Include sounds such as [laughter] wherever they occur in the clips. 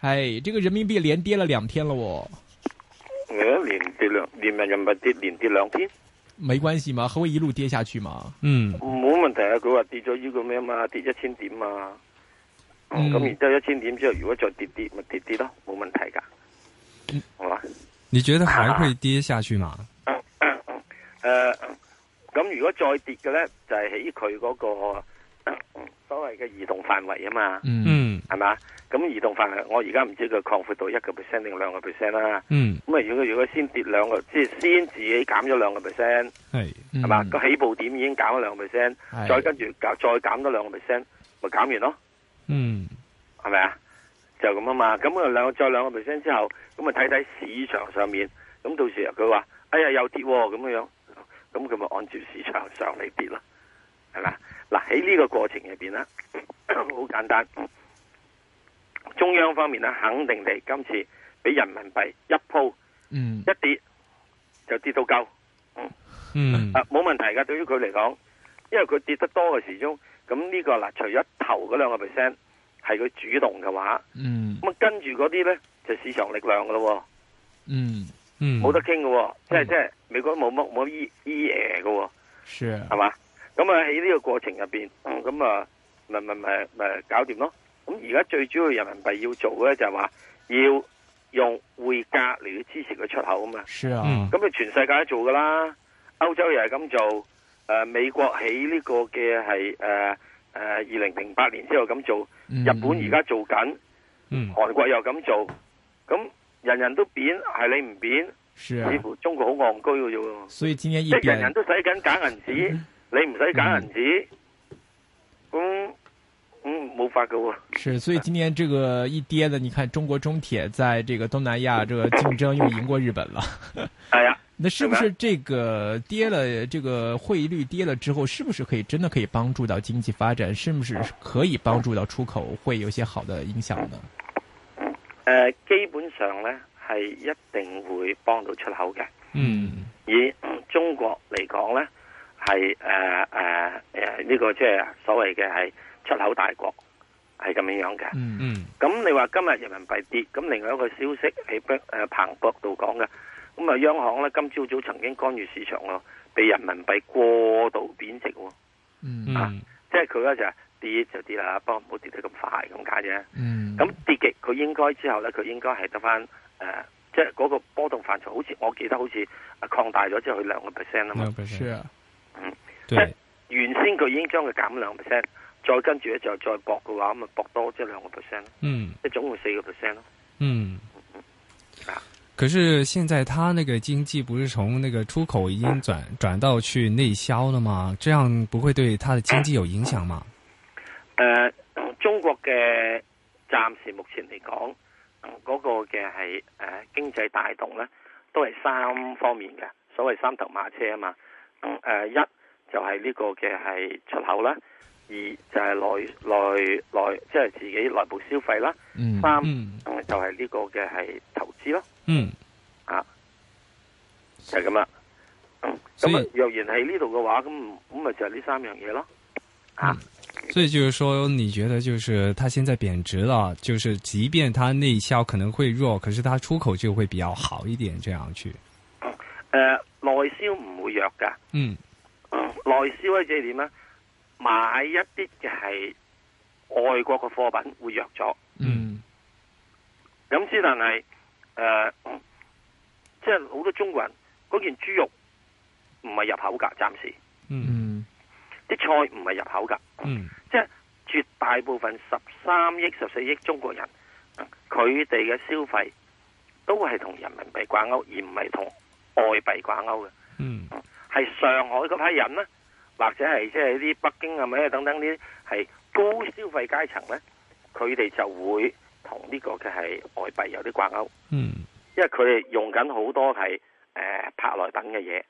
哎，這個人民幣連跌咗兩天了，連跌兩連人民幣跌，連跌兩天，冇關係嘛，會一路跌下去嘛？嗯，冇問題啊，佢話跌咗呢個咩嘛，跌一千點嘛。咁然之後一千點之後，如果再跌跌咪跌跌咯，冇問題噶，你覺得還會跌下去嘛？誒，咁如果再跌嘅咧，就係喺佢嗰個。所謂嘅移動範圍啊嘛，嗯，係嘛，咁移動範圍，我而家唔知佢擴闊到一個 percent 定兩個 percent 啦，嗯，咁啊如果如果先跌兩個，即係先自己減咗兩個 percent，係，係嘛，個起步點已經減咗兩個 percent，再跟住再減咗兩個 percent，咪減完咯，嗯，係咪啊？就咁啊嘛，咁啊兩個再兩個 percent 之後，咁啊睇睇市場上面，咁到時佢話，哎呀又跌咁樣，咁佢咪按照市場上嚟跌咯，係咪？嗯。嗱喺呢個過程入邊咧，好簡單。中央方面咧，肯定嚟今次俾人民幣一鋪，嗯，一跌就跌到夠，嗯，嗯啊冇問題噶，對於佢嚟講，因為佢跌得多嘅時候咁呢個嗱，除咗頭嗰兩個 percent 係佢主動嘅話，嗯，咁啊跟住嗰啲咧就市場力量噶咯，嗯，嗯，冇得傾噶，即係、嗯、即係美國冇乜冇乜依依誒噶，是，係嘛？咁啊喺呢個過程入邊，咁、嗯、啊咪咪咪咪搞掂咯。咁而家最主要人民幣要做咧，就係話要用匯價嚟支持佢出口啊嘛。係啊，咁啊全世界都做噶啦，歐洲又係咁做，誒、呃、美國喺呢個嘅係誒誒二零零八年之後咁做，日本而家做緊、嗯，韓國又咁做，咁、嗯嗯、人人都貶，係你唔貶係、啊，似乎中國好戇居嘅啫喎。所以即係人人都使緊假銀紙。嗯你唔使揀銀紙，咁咁冇法噶喎。是，所以今年這個一跌的，你看中國中鐵在這個東南亞這個競爭又贏過日本了。 [laughs] 哎啊，那是不是這個跌了，這個匯率跌了之後，是不是可以真的可以幫助到經濟發展？是不是可以幫助到出口會有些好的影響呢、呃？基本上呢，係一定會幫到出口嘅。嗯，以中國嚟講呢。係誒誒誒呢個即係所謂嘅係出口大國，係咁樣樣嘅。嗯嗯。咁你話今日人民幣跌，咁另外一個消息喺誒彭博度講嘅，咁啊央行咧今朝早曾經干預市場咯，俾人民幣過度貶值。嗯。啊、嗯即係佢咧就係、跌就跌啦，不過唔好跌得咁快咁解啫，咁、嗯、跌極佢應該之後咧，佢應該係得翻誒，即係嗰個波動範疇，好似我記得好似擴大咗之後佢兩個 percent 啊嘛。啊。原先佢已經將佢減兩個 percent，再跟住咧就再博嘅話，咁咪博多即係兩個 percent，即總共四個 percent 咯。嗯、嗯，可是現在他那個經濟不是從那個出口已經轉轉到去內銷了嘛？這樣不會對他的經濟有影響嗎、嗯？誒、嗯呃，中國嘅暫時目前嚟講，嗰、嗯那個嘅係誒經濟帶動咧，都係三方面嘅，所謂三頭馬車啊嘛。誒、嗯呃、一。就係、是、呢個嘅係出口啦，二就係內內內即係自己內部消費啦，嗯嗯、三就係呢個嘅係投資咯，嗯，啊，就係咁啦。咁啊、嗯，若然係呢度嘅話，咁咁咪就係呢三樣嘢咯、啊嗯。所以就是說，你覺得就是，它現在貶值啦，就是即便它內銷可能會弱，可是它出口就會比較好一點，這樣去。誒、嗯呃，內銷唔會弱㗎，嗯。內銷或者係點咧？買一啲嘅係外國嘅貨品會弱咗、嗯嗯嗯嗯。嗯，咁先但係誒，即係好多中國人嗰件豬肉唔係入口噶，暫時。嗯嗯，嗯，啲、嗯、菜唔係入口噶。嗯，嗯，嗯、即係絕大部分十三億、十四億中國人，佢哋嘅消費都係同人民幣掛鈎，而唔係同外幣掛鈎嘅。嗯，嗯。係上海嗰批人咧，或者係即係啲北京啊咪等等啲係高消費階層咧，佢哋就會同呢個嘅係外幣有啲掛鈎。嗯，因為佢哋用緊好多係誒舶來品嘅嘢，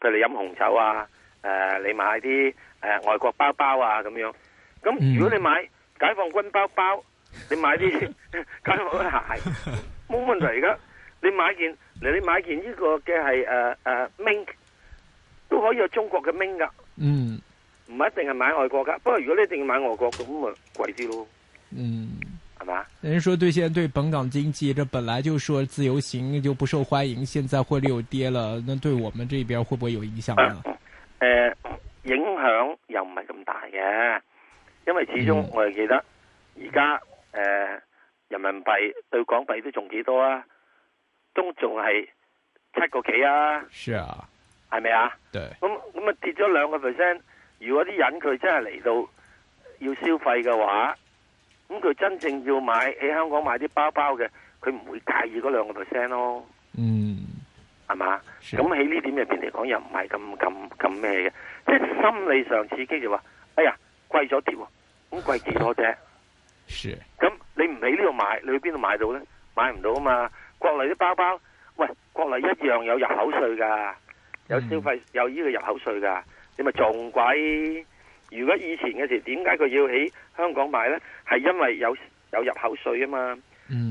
譬如你飲紅酒啊，誒、呃、你買啲誒、呃、外國包包啊咁樣。咁如果你買解放軍包包，你買啲、嗯、 [laughs] 解放軍鞋，冇問題㗎。你買件嚟，你買件呢個嘅係誒誒 Mink。都可以有中國嘅命噶，嗯，唔一定係買外國噶，不過如果你一定要買外國咁咪貴啲咯，嗯，係嘛？人說，對現在對本港經濟，這本來就說自由行就不受歡迎，現在匯率又跌了，那對我們這邊會不會有影響呢？誒、啊呃，影響又唔係咁大嘅，因為始終、嗯、我哋記得而家誒人民幣對港幣都仲幾多啊，都仲係七個幾啊，是啊。係咪啊？咁咁啊跌咗兩個 percent。如果啲人佢真係嚟到要消費嘅話，咁佢真正要買喺香港買啲包包嘅，佢唔會介意嗰兩個 percent 咯。嗯，係嘛？咁喺呢點入邊嚟講，又唔係咁咁咁咩嘅？即係心理上刺激就話，哎呀貴咗啲，咁貴幾多啫？咁 [laughs] 係。你唔喺呢度買，你去邊度買到呢？買唔到啊嘛！國內啲包包，喂，國內一樣有入口稅噶。有消費有呢個入口稅噶，你咪仲貴。如果以前嘅時，點解佢要喺香港買呢？係因為有有入口稅啊嘛，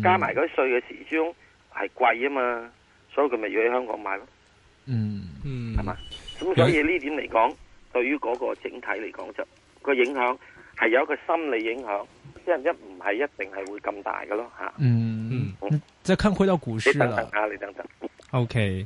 加埋嗰啲稅嘅時鐘係貴啊嘛，所以佢咪要喺香港買咯。嗯嗯，係嘛？咁所以呢點嚟講，對於嗰個整體嚟講就個影響係有一個心理影響，即係一唔係一定係會咁大嘅咯吓。嗯嗯，再看回到股市啦。O K。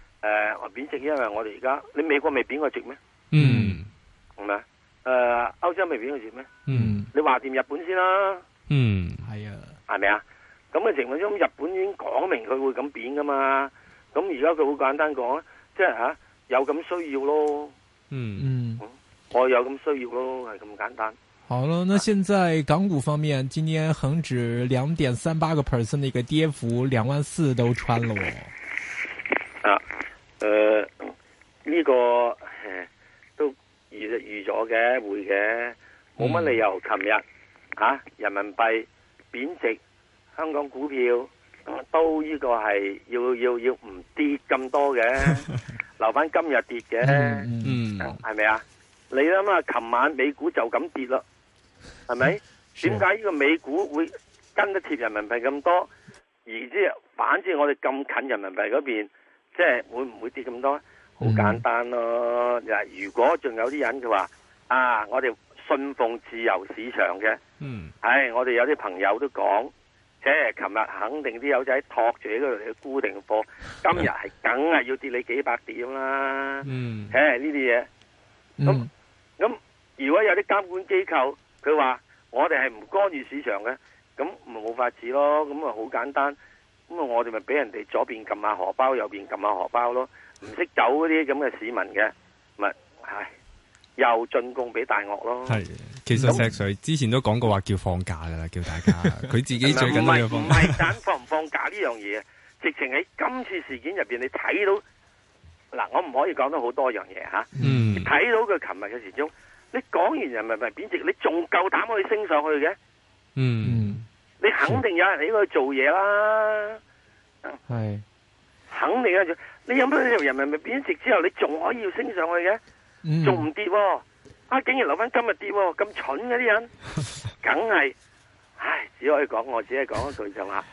誒、呃，話貶值，因為我哋而家你美國未貶過值咩？嗯，係咪誒，歐、呃、洲未貶過值咩？嗯，你話掂日本先啦、啊。嗯，係啊，係咪啊？咁嘅情況下，日本已經講明佢會咁貶噶嘛。咁而家佢好簡單講，即係吓有咁需要咯。嗯嗯，我有咁需要咯，係咁簡單。好了，那現在港股方面，今天恒指兩點三八個 percent 嘅一個跌幅，兩萬四都穿咗。 [laughs] 呃這個、誒，呢個都預預咗嘅，會嘅，冇乜理由。琴、嗯、日、啊、人民幣貶值，香港股票都呢個係要要要唔跌咁多嘅， [laughs] 留翻今日跌嘅，嗯，係、嗯、咪啊？你諗下，琴晚美股就咁跌咯，係咪？點解呢個美股會跟得貼人民幣咁多？而之，反正我哋咁近人民幣嗰邊。即係會唔會跌咁多？好簡單咯，就、嗯、係如果仲有啲人佢話啊，我哋信奉自由市場嘅，嗯，唉，我哋有啲朋友都講，即係琴日肯定啲友仔托住喺嗰度嘅固定貨，今日係梗係要跌你幾百點啦，嗯，唉呢啲嘢，咁咁、嗯，如果有啲監管機構佢話我哋係唔干預市場嘅，咁咪冇法子咯，咁咪好簡單。咁我哋咪俾人哋左邊撳下荷包，右邊撳下荷包咯。唔識走嗰啲咁嘅市民嘅，咪唉又進貢俾大鱷咯。係，其實石水之前都講過話叫放假噶啦，叫大家。佢 [laughs] 自己最緊要放唔係唔係，但放唔放假呢樣嘢直情喺今次事件入邊，你睇到嗱，我唔可以講到好多樣嘢吓。嗯，睇到佢琴日嘅時鐘，你講完人民幣貶值，你仲夠膽可以升上去嘅？嗯。嗯你肯定有人喺呢度做嘢啦，係肯定啊！你有乜理由人民幣貶值之後，你仲可以升上去嘅？仲、嗯、唔跌啊？啊！竟然留翻今日跌、啊，咁蠢嗰啲人，梗 [laughs] 係，唉，只可以講，我只係講一句就話，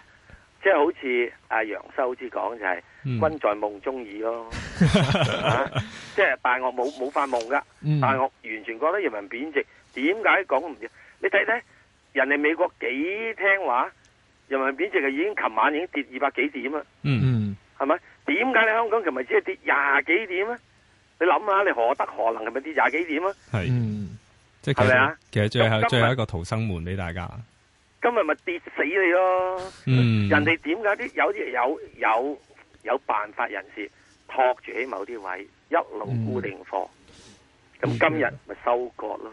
即、就、係、是、好似阿楊修之講就係、是嗯，君在夢中耳咯、啊，即係但我冇冇發夢噶，但係我完全覺得人民貶值，點解講唔掂？你睇睇。人哋美國幾聽話，人民幣貶值已經琴晚已經跌二百幾點啊！嗯嗯，係咪？點解你香港琴日只係跌廿幾點咧？你諗下，你何德何能係咪跌廿幾點啊？係、嗯，即係係咪啊？其實最後最後一個逃生門俾大家。今日咪跌死你咯、嗯！人哋點解啲有啲有有有，有辦法人士托住喺某啲位一路固定貨，咁、嗯、今日咪收割咯。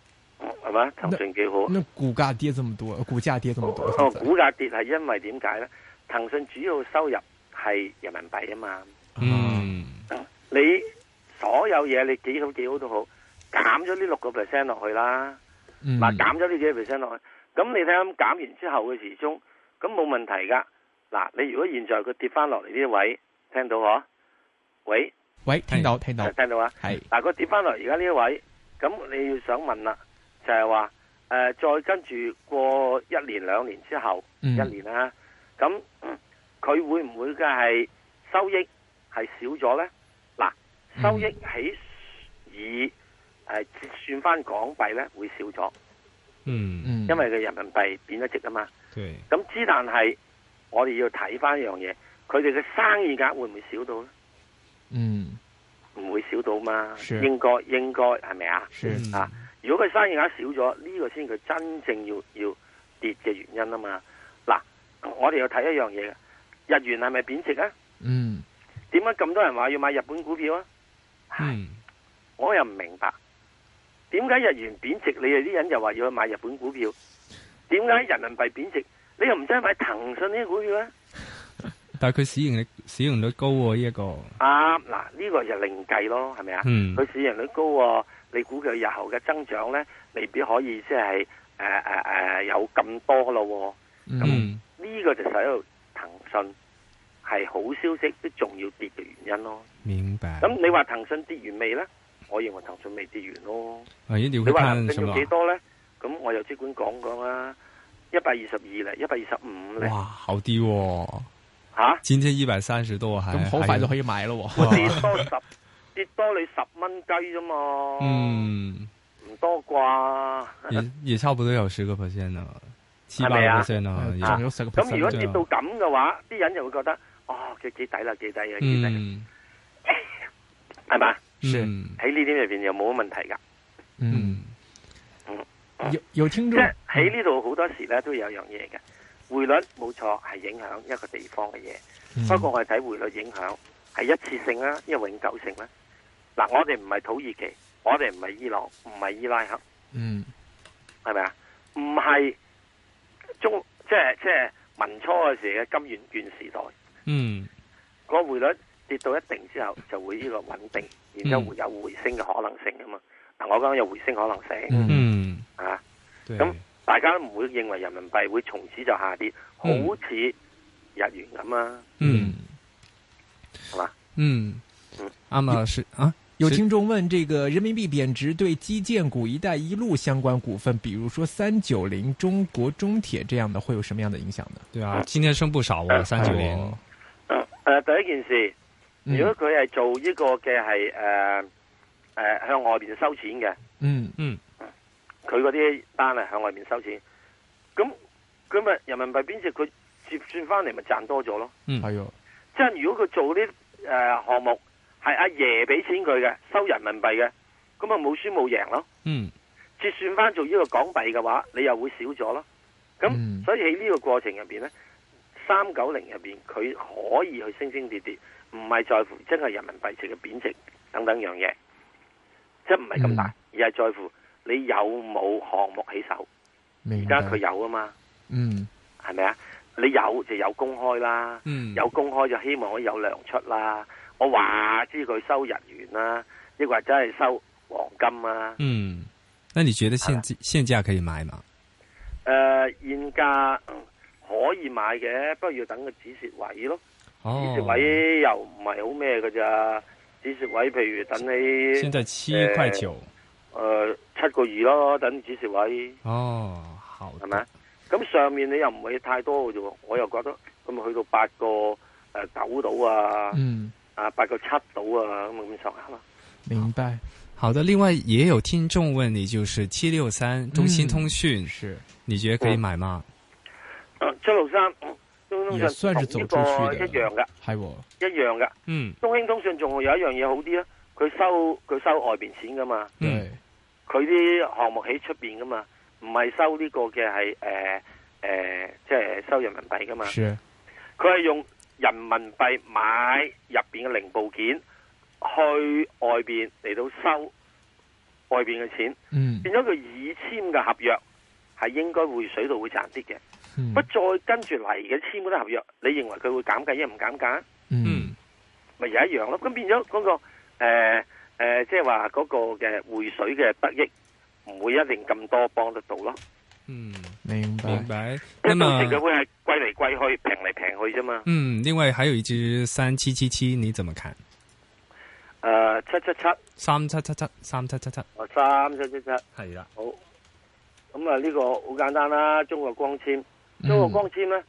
係嘛？騰訊幾好那？那股價跌咁多，股價跌咁多。哦，哦，股價跌係因為點解咧？騰訊主要收入係人民幣啊嘛。嗯，你所有嘢你幾好幾個好都好，減咗呢六個 percent 落去啦。嗱、嗯，減咗呢幾個 percent 落去，咁你睇下減完之後嘅時鐘，咁冇問題噶。嗱，你如果現在佢跌翻落嚟呢一位，聽到嗬？喂喂，聽到、哎、聽到聽到啊！係、哎、嗱，佢跌翻落嚟而家呢一位，咁你要想問啦。就係話誒，再跟住過一年兩年之後，嗯、一年啦、啊，咁、嗯、佢會唔會嘅係收益係少咗呢？嗱，收益喺、嗯、以誒、呃、算翻港幣呢會少咗。嗯嗯，因為佢人民幣貶咗值啊嘛。對。咁之但係我哋要睇翻一樣嘢，佢哋嘅生意額會唔會少到呢？嗯，唔會少到嘛，應該應該係咪啊？啊。如果佢生意額少咗，呢、這個先佢真正要要跌嘅原因啊嘛。嗱，我哋要睇一樣嘢，日元係咪貶值啊？嗯。點解咁多人話要買日本股票啊？嗯。我又唔明白，點解日元貶值，你哋啲人又話要去買日本股票？點解人民幣貶值，你又唔想買騰訊啲股票啊？但係佢市盈率市盈率高喎、啊，呢、這、一個。啱、啊，嗱，呢、這個就另計咯，係咪啊？佢、嗯、市盈率高、啊。你估佢日後嘅增長咧，未必可以即係誒誒誒有咁多咯、哦。咁、嗯、呢、這個就使到，騰訊係好消息，都仲要跌嘅原因咯。明白。咁你話騰訊跌完未咧？我認為騰訊未跌完咯。啊、你，麼你騰多呢條股咗幾多咧？咁我又即管講講啦，一百二十二嚟，一百二十五咧。哇，好啲喎、哦！吓、啊，今天一百三十多，還咁好快就可以買咯。我跌十。跌多你十蚊雞啫嘛，嗯，唔多啩，也差不多有十個 percent 啊，七八 percent 啊，咁、啊啊啊，如果跌到咁嘅話，啲人就會覺得，哦，佢幾抵啦，幾抵啊，係咪？係嘛，嗯，喺呢啲入邊又冇乜問題噶，嗯，嗯，有有聽眾，即係，喺呢度好多時咧都有一樣嘢嘅，匯率冇錯係影響一個地方嘅嘢，嗯，不過我哋睇匯率影響係一次性啦，因為永久性啦。嗱、啊，我哋唔係土耳其，我哋唔係伊朗，唔係伊拉克，嗯，係咪啊？唔係中，即係即係文初嘅時嘅金元券時代，嗯，個匯率跌到一定之後，就會呢個穩定，然之後會有回升嘅可能性噶嘛。嗱、嗯啊，我講有回升可能性，嗯，啊，咁大家都唔會認為人民幣會從此就下跌，好似日元咁啊，嗯，係嘛，嗯。阿木老師啊，有聽眾問：這個人民幣貶值對基建股、一帶一路相關股份，比如說三九零、中國中鐵這樣的，會有什麼樣的影響呢？對啊，今天升不少啊，呃，三九零呃。呃，第一件事，如果佢係做呢個嘅係，誒、呃、誒、呃，向外面收錢嘅，嗯嗯，佢嗰啲單係，向外面收錢，咁咁咪人民幣貶值，佢結算翻嚟咪賺多咗咯。嗯，係哦。即係如果佢做啲誒項目。嗯係阿爺俾錢佢嘅，收人民幣嘅，咁啊冇輸冇贏咯。嗯，結算翻做呢個港幣嘅話，你又會少咗咯。咁、嗯、所以喺呢個過程入邊咧，三九零入邊佢可以去升升跌跌，唔係在乎真係人民幣值嘅貶值等等樣嘢，即係唔係咁大，嗯、而係在乎你有冇項目起手。而家佢有啊嘛。嗯，係咪啊？你有就有公開啦。嗯，有公開就希望可以有糧出啦。我話知佢收日元啦，亦或者係收黃金啊。嗯，那你覺得現現價可以買嗎？誒、呃，現價、嗯、可以買嘅，不過要等個止蝕位咯。止、哦、蝕位又唔係好咩嘅啫。止蝕位，譬如等你。現在七塊九。誒、呃呃，七個二咯，等止蝕位。哦，好係咪？咁上面你又唔會太多嘅啫，我又覺得咁咪去到八個誒、呃、九度啊。嗯。啊，八個七到啊，冇咁上下。明白，好，好的。另外也有聽眾問你，就是七六三中興通訊、嗯，是你覺得可以買嗎？啊、七六三中興通訊同呢個一樣噶，係，一樣的。嗯，中興通訊仲有一樣嘢好啲啊，佢收佢收外邊錢噶嘛，對佢啲項目喺出邊噶嘛，唔係收呢個嘅，係誒誒、即、呃、係、就是、收人民幣噶嘛，是，佢係用。人民幣買入邊嘅零部件，去外邊嚟到收外邊嘅錢，嗯，變咗佢已簽嘅合約係應該匯水度會賺啲嘅，不再跟住嚟嘅簽嗰啲合約，你認為佢會減價亦唔減價？嗯，咪又一樣咯，咁變咗嗰個誒誒，即係話嗰個嘅匯水嘅得益唔會一定咁多幫得到咯，嗯。明白。因為佢會係貴嚟貴去、平嚟平去啫嘛。嗯，另外還有一支三七七七，你怎麼看？誒、呃，七七七，三七七七，三七七七，我、哦、三七七七，係啊，好。咁、嗯、啊、呢、這個好簡單啦。中國光纖，中國光纖咧，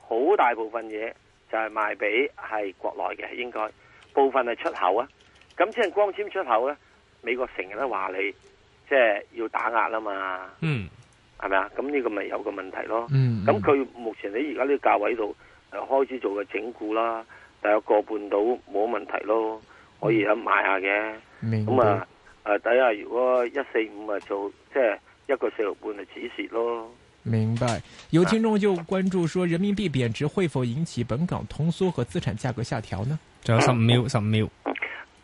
好、嗯、大部分嘢就係賣俾係國內嘅，應該部分係出口啊。咁即係光纖出口咧，美國成日都話你，即係要打壓啦嘛。嗯。係咪啊？咁、這、呢個咪有個問題咯。咁、嗯、佢、嗯、目前喺而家呢個價位度，誒開始做嘅整固啦。但係個半到冇問題咯，可以咁買下嘅。咁啊，誒、嗯，底下如果一四五咪做，即、就、係、是、一個四六半係止蝕咯。明白。有聽眾就關注說，人民幣貶值會否引起本港通縮和資產價格下調呢？仲有十五秒，十五秒，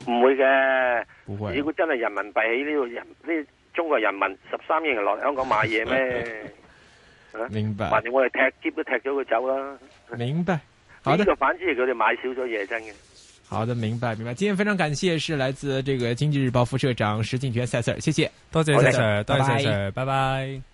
唔會嘅，唔會、啊。如果真係人民幣喺呢度人呢？中國人民十三億人落嚟香港買嘢咩？明白，啊、反正我哋踢喼都踢咗佢走啦、啊。明白，呢、這個反之，佢哋買少咗嘢真嘅。好的，明白明白。今天非常感謝，是來自這個經濟日報副社長石鏡泉 Sir，謝謝，多謝 Sir，多謝 Sir，拜拜。拜拜拜拜。